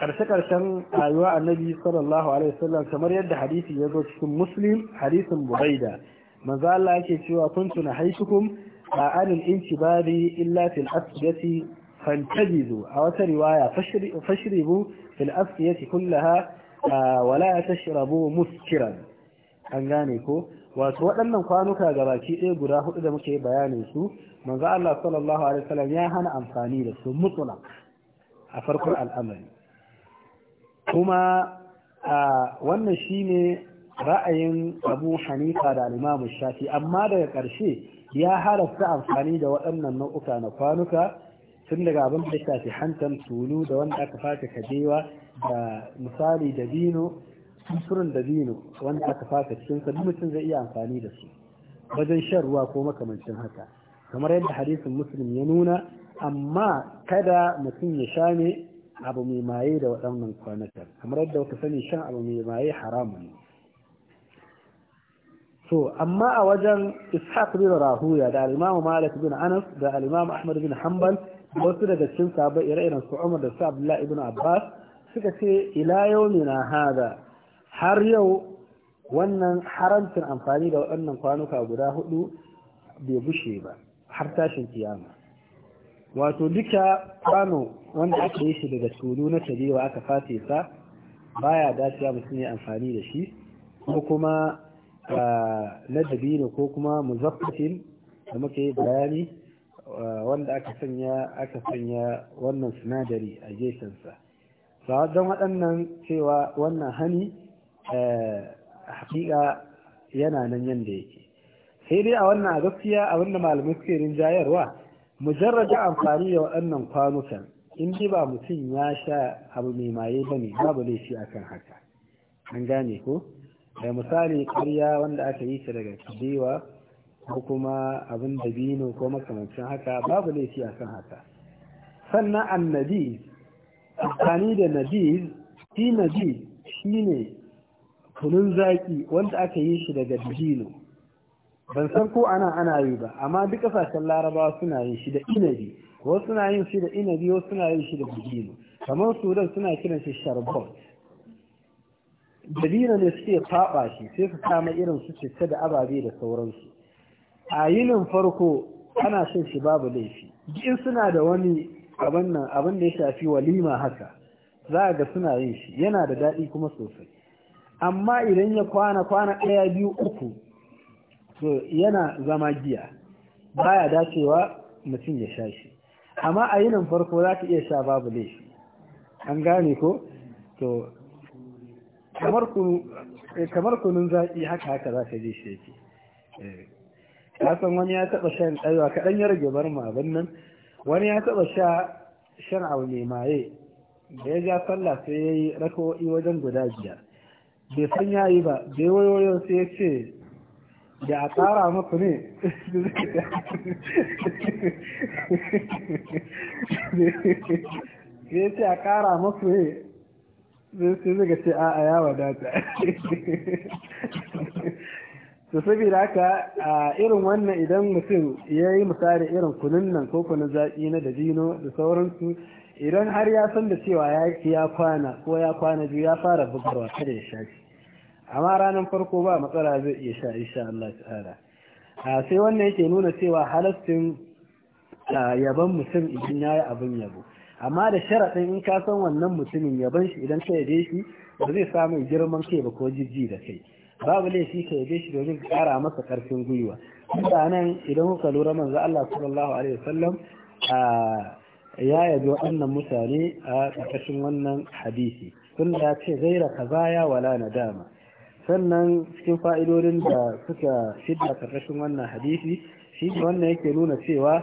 ƙarshe-ƙarshen rayuwa annabi sallallahu alaihi wasallam kamar yadda hadisi ya zo cikin muslim hadisin buraida manzo Allah yake cewa kuntu na haitukum a anil intibari illa fil asbati fantajizu a wata riwaya fashribu fil asqiyati kullaha wala tashrabu muskiran an gane ko wato waɗannan kwanuka gabaki ɗaya guda hudu da muke bayanin su manzo Allah sallallahu ya hana amfani da su mutsula a farkon al'amari kuma a wannan shine ra'ayin Abu Hanifa da Imam Shafi amma daga ƙarshe ya harafta amfani da waɗannan nau'uka na kwanuka tun daga abin da shafi hantan tulu da wanda aka fata kajewa da misali da dino sufurin da dino wanda aka fata cikin sa duk mutum zai iya amfani da su wajen shan ruwa ko makamancin haka kamar yadda hadisin muslim ya nuna amma kada mutum ya sha ne abu mai maye da waɗannan kwanatar kamar yadda wata sani shan abu mai maye haramu ne to amma a wajen ishaq bin rahuya da al-imam malik bin anas da al ahmad bin hanbal wasu daga cikin sahabbai ire-iren su Umar da su Abdullah ibn Abbas suka ce ila na hada har yau wannan haramcin amfani da waɗannan kwanuka guda hudu bai bushe ba har tashin kiyama wato duka kwano wanda aka yi shi daga tulu na tarewa aka fata sa baya dacewa mutum ya amfani da shi ko kuma na ah, dabino ko kuma muzaffatin da muke bayani wanda aka sanya aka sanya wannan sinadari a gefensa don waɗannan cewa wannan hani haƙiƙa yana nan yadda yake sai dai a wannan a gaskiya abinda malamai suke rinjayarwa mujarraja amfani da waɗannan kwanukan in ji ba mutum ya sha abu mai maye ba ne babu laifi akan haka an gane ko da misali ƙarya wanda aka yi ta daga kidewa. ko kuma abin dabino ko makamancin haka babu laifi a kan haka sannan annabi amfani da nabi shi nabi shi ne kunun zaki wanda aka yi shi daga dabino ban san ko ana ana yi ba amma duk kasashen laraba suna yin shi da inabi wasu suna yin shi da inabi wasu suna yin shi da dino kamar sudan suna kiran shi sharbot dabino ne suke faɓa shi sai su kama irin su cika da ababe da sauransu a yinin farko ana son shi babu laifi in suna da wani abin abin da ya shafi walima haka za ga suna yin shi yana da daɗi kuma sosai amma idan ya kwana kwana ɗaya biyu uku to yana zama giya baya dacewa mutum ya sha shi amma a yinin farko za ka iya sha babu laifi an gane ko to kamar eh, kunun zaƙi haka haka za ka je shi yake eh. kasan wani ya taba shan ɗaiwa kaɗan ya rage bar mu abin nan wani ya taba sha shan abu mai maye da ya ja sallah sai ya yi rako'i wajen guda biyar bai san ya yi ba da ya wayoyo sai ya ce da a tsara maku ne ya ce a ƙara maku ne sai ga ce a a ya wadata to saboda haka a irin wannan idan mutum ya yi misali irin kunun nan ko kunun zaƙi na da dino da sauransu idan har ya san da cewa ya ya kwana ko ya kwana biyu ya fara bugarwa kada ya sha shi amma ranar farko ba matsala zai iya sha insha Allah ta'ala a sai wannan yake nuna cewa halastin yaban mutum idan ya yi abin yabo amma da sharaɗin in ka san wannan mutumin yaban shi idan ka yabe shi ba zai samu girman kai ba ko jijji da kai babu laifi ka yabe shi domin kara masa ƙarfin gwiwa inda nan idan kuka lura manzo Allah sallallahu alaihi wasallam ya yabi annan mutane a ƙarƙashin wannan hadisi sun da ce gaira kazaya wala nadama sannan cikin fa'idodin da suka shidda ƙarƙashin wannan hadisi shi wannan yake nuna cewa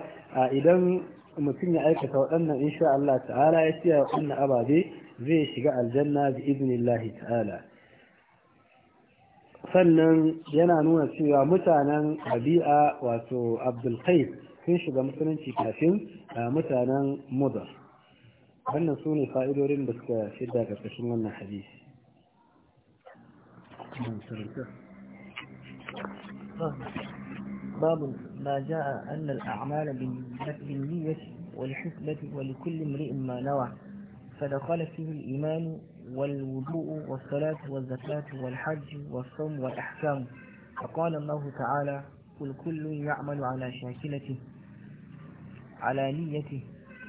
idan mutum ya aikata waɗannan insha Allah ta'ala ya siya wannan ababe zai shiga aljanna bi iznillahi ta'ala sannan yana nuna cewa mutanen abi'a wato abdulkais sun shiga musulunci kafin mutanen mudar wannan su ne fa'idorin da suka shidda ƙarƙashin wannan hadisi باب ما جاء أن الأعمال بالنية والحسبة ولكل امرئ ما نوى فدخل فيه الإيمان والوضوء والصلاة والزكاة والحج والصوم والأحكام فقال الله تعالى قل كل يعمل على شاكلته على نيته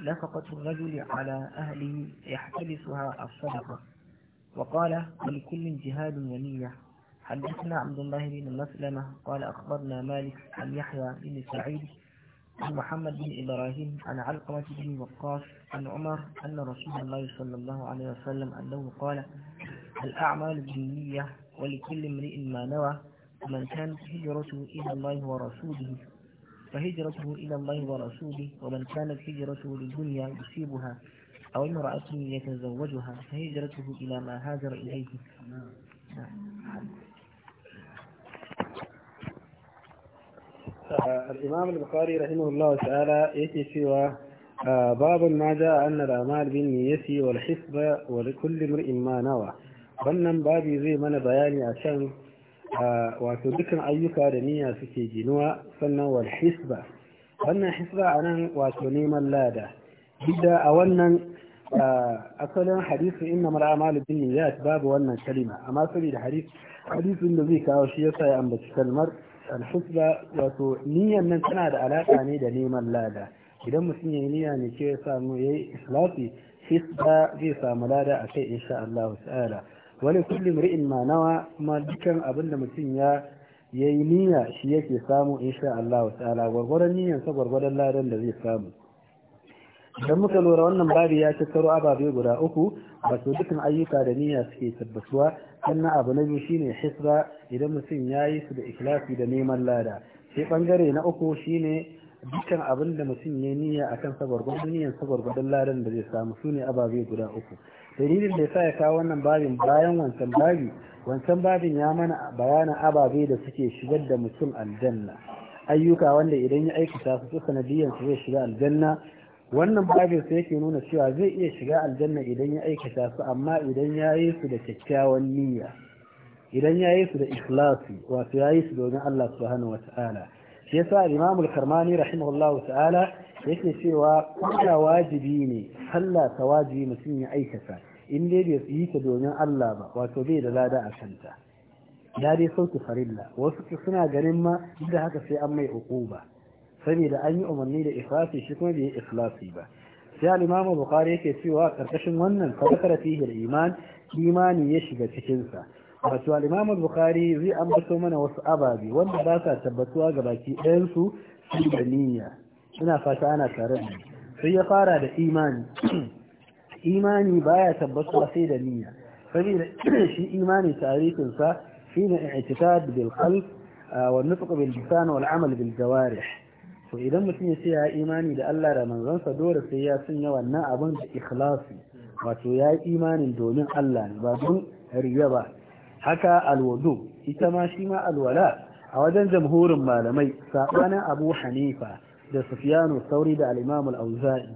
نفقة الرجل على أهله يحتبسها الصدقة وقال ولكل جهاد ونية حدثنا عبد الله بن مسلمة قال أخبرنا مالك عن يحيى بن سعيد عن محمد بن إبراهيم عن علقمة بن وقاص عن عمر أن رسول الله صلى الله عليه وسلم أنه قال الأعمال الدينيه ولكل امرئ ما نوى ومن كانت هجرته إلى الله ورسوله فهجرته إلى الله ورسوله ومن كانت هجرته للدنيا يصيبها أو امرأة يتزوجها فهجرته إلى ما هاجر إليه نعم. الإمام البخاري رحمه الله تعالى يأتي سوى باب ما جاء أن الأعمال بالنية والحسب ولكل امرئ ما نوى wannan babi zai mana bayani a can wato dukkan ayyuka da niyya suke ginuwa sannan wal hisba wannan hisba a nan wato neman lada bidda a wannan asalin hadisu inna mara amalu bin niyyat babu wannan kalima amma saboda hadisin da zai kawo shi yasa ya ambaci kalmar alhusba wato niyan nan tana da alaƙa ne da neman lada idan mutum ya yi niyya ne ke ya samu ya yi islafi hisba zai samu lada a kai insha Allah ta'ala wani kullum ri'in ma nawa kuma dukkan abin da mutum ya yi niyya shi yake samu insha Allah ta'ala gwargwadon niyyan sa gwargwadon ladan da zai samu idan muka lura wannan babu ya ci karo ababe guda uku wato dukkan ayyuka da niyya suke tabbatuwa sannan abu na biyu shine hisba idan mutum ya yi su da ikhlasi da neman lada sai bangare na uku shine dukkan abin da mutum ya niyya akan sagwargwadon niyyan sagwargwadon ladan da zai samu su ne ababe guda uku dalilin da ya sa ya kawo wannan babin bayan wancan babi wancan babin ya mana bayanan ababe da suke shigar da mutum aljanna ayyuka wanda idan ya aikata su su sanadiyan su zai shiga aljanna wannan babin sai yake nuna cewa zai iya shiga aljanna idan ya aikata su amma idan ya yi su da kyakkyawan niyya idan ya yi su da ikhlasi wato ya yi su domin Allah subhanahu wata'ala shi yasa Imam al-Karmani rahimahullah ta'ala yake cewa kuma wajibi ne sallah ta wajibi mutum ya aikata in dai bai yi ta domin Allah ba wato bai da lada a kanta ya dai sauki farilla wasu suna ganin ma da haka sai an mai hukuma saboda an yi umarni da ikhlasi shi kuma bai ikhlasi ba sai al-imamu bukhari yake cewa karkashin wannan fadakara fihi al-iman imani ya shiga cikin sa wato al-imamu bukhari zai ambato mana wasu ababe wanda ba sa tabbatuwa ga baki ɗayan su su da niyya ina fata ana tare da sai ya fara da imani imani baya tabbatuwa sai da niyya saboda shi imani tarihin sa shine i'tikad bil qalb والنطق باللسان والعمل بالجوارح to idan mutum ya ce ya imani da Allah da manzansa dole sai ya sanya wannan abin da ikhlasi wato ya imani domin Allah ne ba don riya ba haka alwudu ita ma shi ma alwala a wajen jamhurin malamai sabanin Abu Hanifa da Sufyanu Sauri da al-Imam al-Auza'i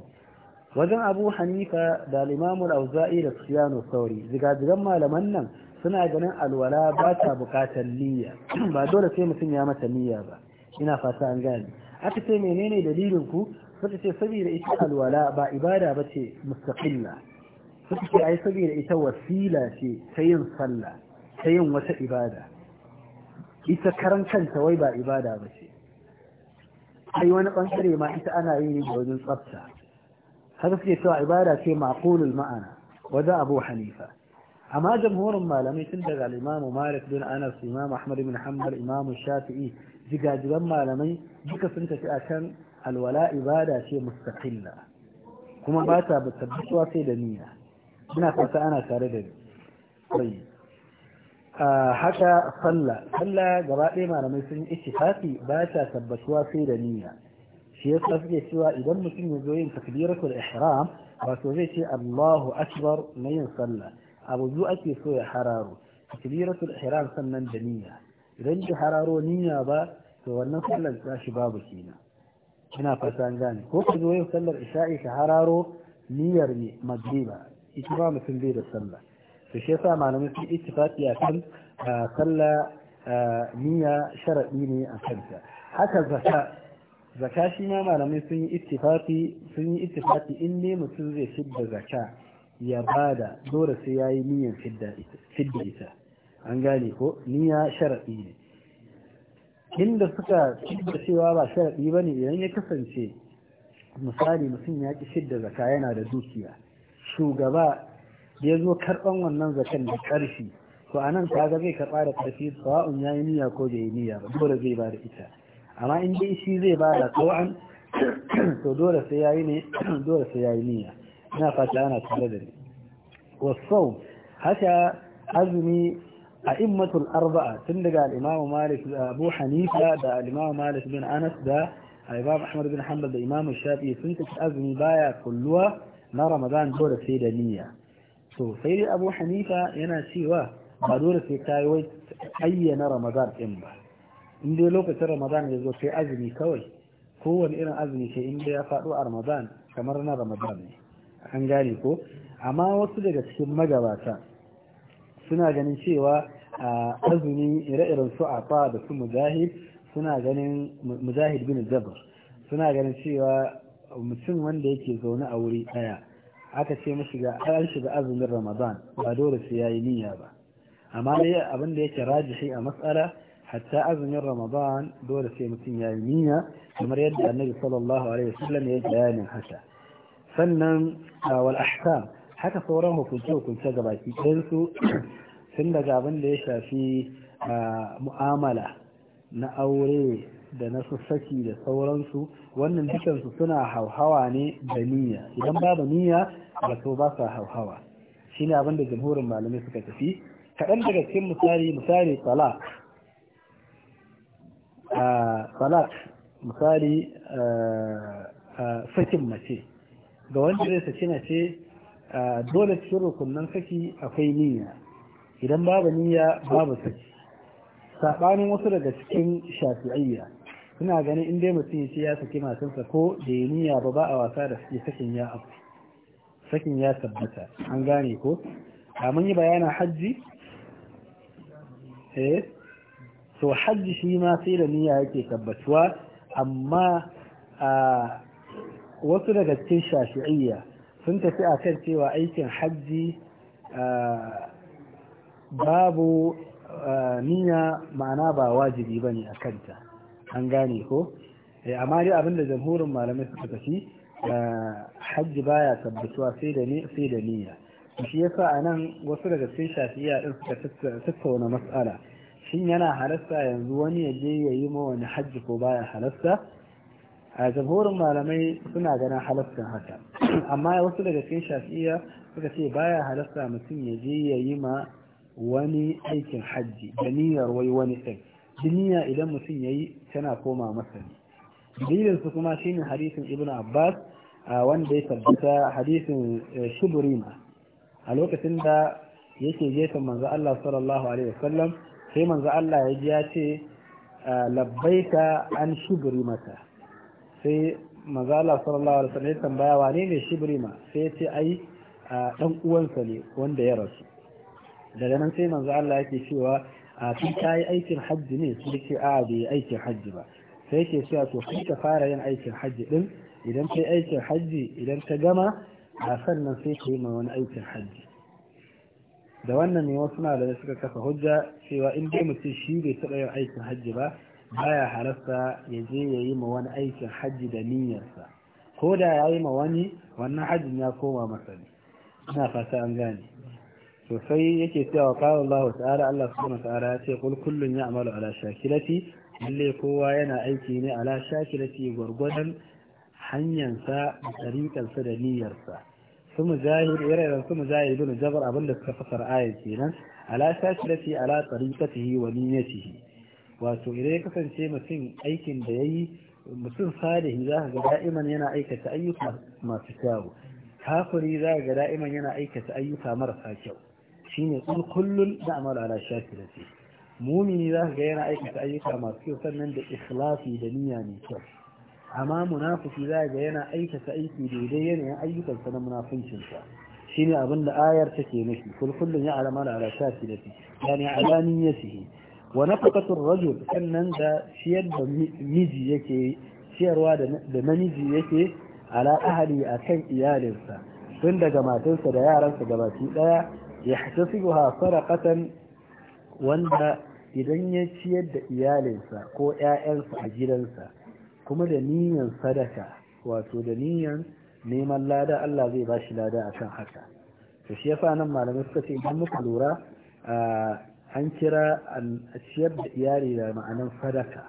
wajen Abu Hanifa da al-Imam al-Auza'i da Sufyanu Sauri zigazigan malaman nan suna ganin alwala ba ta bukatar niyya ba dole sai mutum ya mata niyya ba ina fata an gane aka ce menene dalilin ku suka ce saboda ita alwala ba ibada ba ce mustaqilla suka ce ai saboda ita wasila ce ta yin sallah ta yin wata ibada ita karan kanta wai ba ibada bace ai wani bangare ma ita ana yi da wajen tsafta haka suke cewa ibada ce maqulul ma'ana wajen abu hanifa amma jamhurin malamai tun daga imamu malik bin anas imam ahmad bin hanbal imam shafi'i jigajigan malamai duka sun tafi a kan alwala ibada ce mustaqilla kuma ba ta tabbatuwa sai da niyya ina fata ana tare da ni haka sallah sallah gaba ɗaya malamai sun yi ittifaqi ba ta tabbatuwa sai da niyya shi yasa suke cewa idan mutum ya zo yin takbiratul ihram wato zai ce Allahu akbar na yin sallah abu biyu ake so ya hararo da ihram sannan da niyya idan ki hararo niyya ba to wannan sallar ta shi babu kina ina fata an gane ko ka zo yau sallar isha'i ka hararo niyyar ne magriba ita ba mutum bai da sallah to shi yasa malamai sun ittifaqi akan sallah niyya sharadi ne a kanta haka zaka zaka shi ma malamai sun yi ittifaqi sun yi ittifaqi in ne mutum zai fidda zaka ya bada dole sai yayi niyyar fidda ita an gane ko niyya sharaɗi ne inda suka da cewa ba sharaɗi ba ne idan ya kasance misali mutum ya ki shidda zaka yana da dukiya shugaba ya zo karɓan wannan zakan da ƙarfi to a nan kaga zai karɓa da ƙarfi sawa'un ya yi niyya ko bai yi niyya ba dole zai ba da ita amma in dai shi zai ba da tsawon to dole sai ya yi ne dole sai ya yi niyya ina fata ana tare da ni wasau haka azumi a immatul arba'a tun daga al'imamu malik da abu hanifa da al'imamu malik bin anas da al'imam ahmad bin hanbal da imam shafi sun tafi azumi baya kulluwa na ramadan dole sai da niyya to sai dai abu hanifa yana cewa ba dole sai ta yi wai ayyana ramadan din ba in dai lokacin ramadan ya zo sai azumi kawai kowane irin azumi sai in dai ya faɗo a ramadan kamar na ramadan ne an gane ko amma wasu daga cikin magabata suna ganin cewa azumi ire-iren su afa da su mujahid suna ganin mujahid bin suna ganin cewa mutum wanda yake zaune a wuri ɗaya aka ce mashi ga an shiga azumin ramadan ba dole sai yayi niyya ba amma dai abin da yake rajihi a matsala hatta azumin ramadan dole sai mutum yayi niyya kamar yadda annabi sallallahu alaihi wasallam ya bayanin haka sannan wal ahkam haka sauran hukunce hukunce ga baki ɗansu sun daga abin da ya shafi mu'amala na aure da na sassaki da sauransu wannan dukansu suna hauhawa ne da niyya idan babu niyya ba to ba sa hauhawa shi ne abin da jamhurin malamai suka tafi kaɗan daga cikin misali misali talak talak misali sakin mace ga wanda zai saki ce dole cikin rukunan saki akwai niyya idan babu niyya babu saki saɓanin wasu daga cikin shafi'ayya suna ganin inda mutum ya ce ya saki matansa ko da ya niyya ba ba a wasa da suke sakin ya abu sakin ya tabbata an gane ko a mun yi bayanin hajji eh to hajji shi ma sai da niyya yake tabbatuwa amma a wasu daga cikin shafi'ayya. sun tafi a kan cewa aikin hajji babu niyya ma'ana ba wajibi ba ne a kanta an gane ko eh, amma dai abinda jamhurin malamai suka tafi hajji baya tabbatuwa sai da niyya shi yasa a nan wasu daga cikin shafiya ɗin suka tattauna matsala shin yana halasta yanzu wani ya je ya yi ma wani hajji ko baya halasta a jamhurin malamai suna ganin halastan haka amma wasu daga cikin shafiya suka ce baya halasta mutum ya je ya yi ma wani aikin hajji da niyyar wai wani ɗin duniya idan mutum ya yi tana koma masa ne dalilinsu kuma shine hadisin ibn abbas wanda ya tabbata hadisin eh, shuburima a lokacin da yake gefen manzo Allah sallallahu alaihi wasallam sai manzo Allah ya ji ya ce labbaika an shuburi mata sai mazala sallallahu alaihi wasallam ya tambaya wane ne shibrima sai ce ai dan uwansa ne wanda ya rasu daga nan sai manzo Allah yake cewa a tun ta yi aikin hajji ne sai ce a bai yi aikin hajji ba sai yake cewa to kai ka fara yin aikin hajji din idan yi aikin hajji idan ta gama a sannan sai ka yi ma wani aikin hajji da wannan ne wasu malamai suka kafa hujja cewa in dai mutum shi bai taɓa yin aikin hajji ba baya halasta ya je ya yi ma wani aikin hajji da niyyarsa ko da ya yi ma wani wannan hajjin ya koma masa ne ina fata an gane sosai yake cewa qala Allah ta'ala Allah subhanahu wa ta'ala ya ce kul kullun ala shakilati lalle kowa yana aiki ne ala shakilati gwargwadon hanyarsa da tariƙarsa da niyyarsa su mujahid ire su mujahid ibn jabar abinda suka fasara ayat kenan ala shakilati ala tariqatihi wa niyyatihi wato idan ya kasance mutum aikin da ya yi mutum salihi za ga da'iman yana aikata ayyuka masu kyau kafiri za ga da'iman yana aikata ayyuka marasa kyau shine kul kullun da amal ala shi. mumini za ga yana aikata ayyuka masu kyau sannan da ikhlasi da niyya mai kyau amma munafiki za ga yana aikata aiki daidai yanayin ayyukansa na munafincinsa shine abin da ayar take nufi kul kullun ya alama ala shakirati yani ala niyyatihi wa nafaqatur rajul sannan da ciyar da miji yake ciyarwa da namiji yake ala ahli akan iyalinsa tun daga matansa da yaransa ki daya ya hasasuha sadaqatan wanda idan ya ciyar da iyalinsa ko ƴaƴansa a gidansa kuma da niyan sadaka wato da niyan neman lada Allah zai ba shi lada akan haka to shi yasa nan malamai suka ce idan muka lura ah, an kira ciyar da iyali da ma'anan sadaka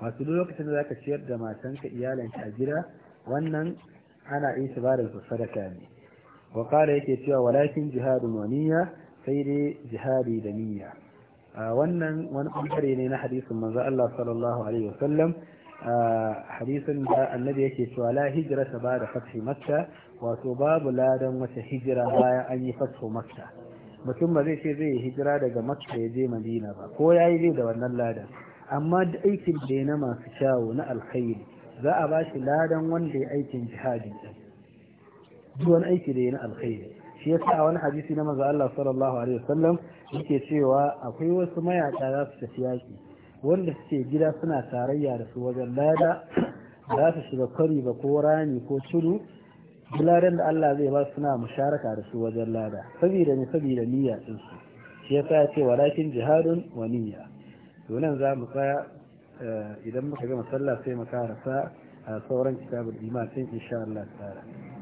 wasu duk lokacin da zaka ciyar da matanka iyalanka a gida wannan ana yin shi bada sadaka ne wa yake cewa walakin jihadun wa niyya sai dai jihadi da niyya wannan wani bangare ne na hadisin manzo Allah sallallahu alaihi wasallam hadisin da annabi yake cewa la hijrata ba'da fathi makka wato babu ladan wata hijira bayan an yi fathu makka mutum ba zai ce zai yi hijira daga makka ya je madina ba ko ya yi zai da wannan ladan amma da aikin da na masu kyawu na alkhairi za a ba shi ladan wanda ya aikin jihadi duk wani aiki da ya na alkhairi shi yasa a wani hadisi na manzo Allah sallallahu alaihi wasallam yake cewa akwai wasu mayaka za su tafi yaki wanda suke gida suna tarayya da su wajen lada za su shiga kwari ba ko rani ko tudu Bilaran da Allah zai ba suna musharaka da su wajen lada saboda ne saboda niyya din su shi yasa ya ce walakin jihadun wa niyya to nan za mu tsaya eh, idan muka gama sallah sai mu karasa a eh, sauran kitabul iman sai insha Allah ta'ala